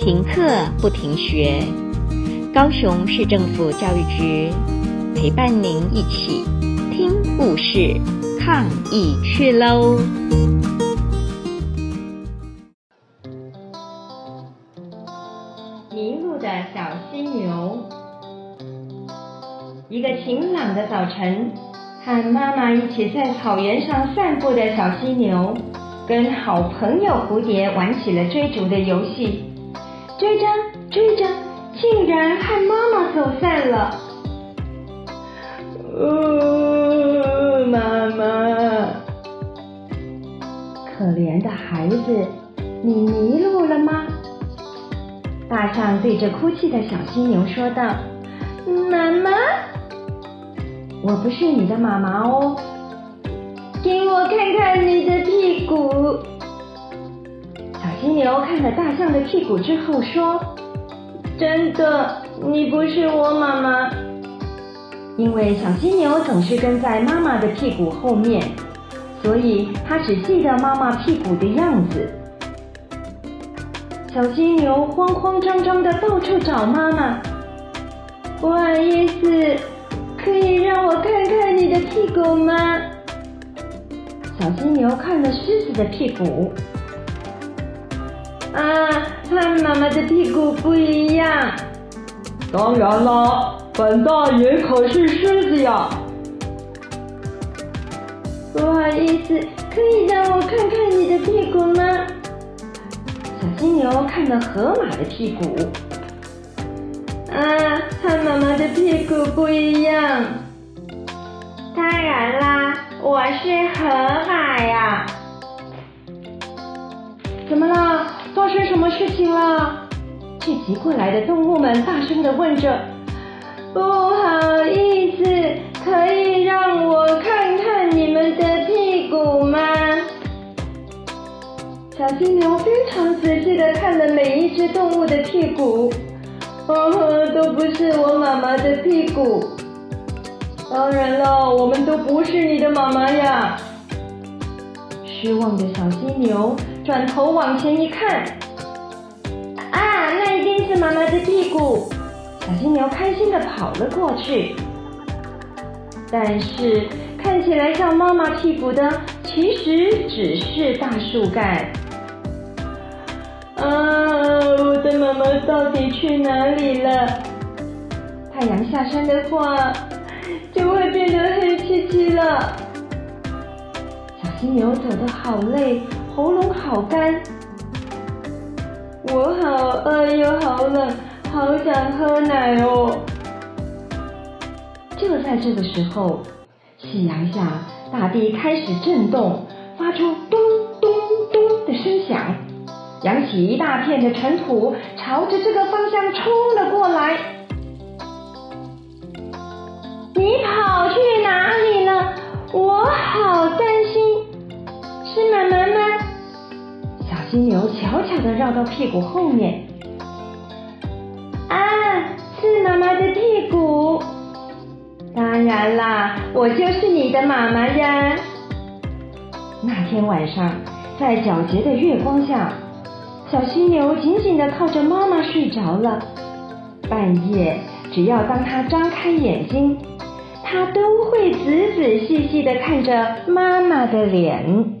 停課不停學，高雄市政府教育局陪伴您一起聽故事、抗疫趣嘍。迷路的小犀牛。一個晴朗的早晨，和媽媽一起在草原上散步的小犀牛，跟好朋友蝴蝶玩起了追逐的遊戲。追着追着，竟然和媽媽走散了。哦，媽媽！可憐的孩子，你迷路了嗎？大象對着哭泣的小犀牛說道：“媽媽，我不是你的媽媽哦。給我看看你的屁。”牛看了大象的屁股之後說：“真的，你不是我媽媽。因為小犀牛總是跟在媽媽的屁股後面，所以牠只記得媽媽屁股的樣子。小犀牛慌慌張張的到處找媽媽。不好意思，可以讓我看看你的屁股嗎？”小犀牛看了獅子的屁股。啊，和媽媽的屁股不一樣。當然啦，本大爺可是獅子呀！不好意思，可以讓我看看你的屁股嗎？小犀牛看到河馬的屁股。啊，和媽媽的屁股不一樣。當然啦，我是河馬呀、啊。怎麼了？發生什麼事情了、啊？聚集過來的動物們大聲地問着。不好意思，可以讓我看看你們的屁股嗎？小犀牛非常仔細地看了每一隻動物的屁股，哦，都不是我媽媽的屁股。當然了，我們都不是你的媽媽呀。失望的小犀牛轉頭往前一看，啊，那一定是媽媽的屁股。小犀牛開心地跑了過去，但是看起來像媽媽屁股的，其實只是大樹幹。啊，我的媽媽到底去哪裡了？太陽下山的話，就會變得黑漆漆了。犀牛走得好累，喉嚨好乾，我好餓又、哎、好冷，好想喝奶哦。就在這個時候，夕陽下，大地開始震動，發出咚咚咚的聲響，揚起一大片的塵土，朝着這個方向衝了過來。你跑去。犀牛悄悄的繞到屁股後面，啊，是媽媽的屁股。當然啦，我就是你的媽媽呀。那天晚上，在皎潔的月光下，小犀牛緊緊的靠着媽媽睡着了。半夜，只要當它張開眼睛，它都會仔仔細細的看着媽媽的臉。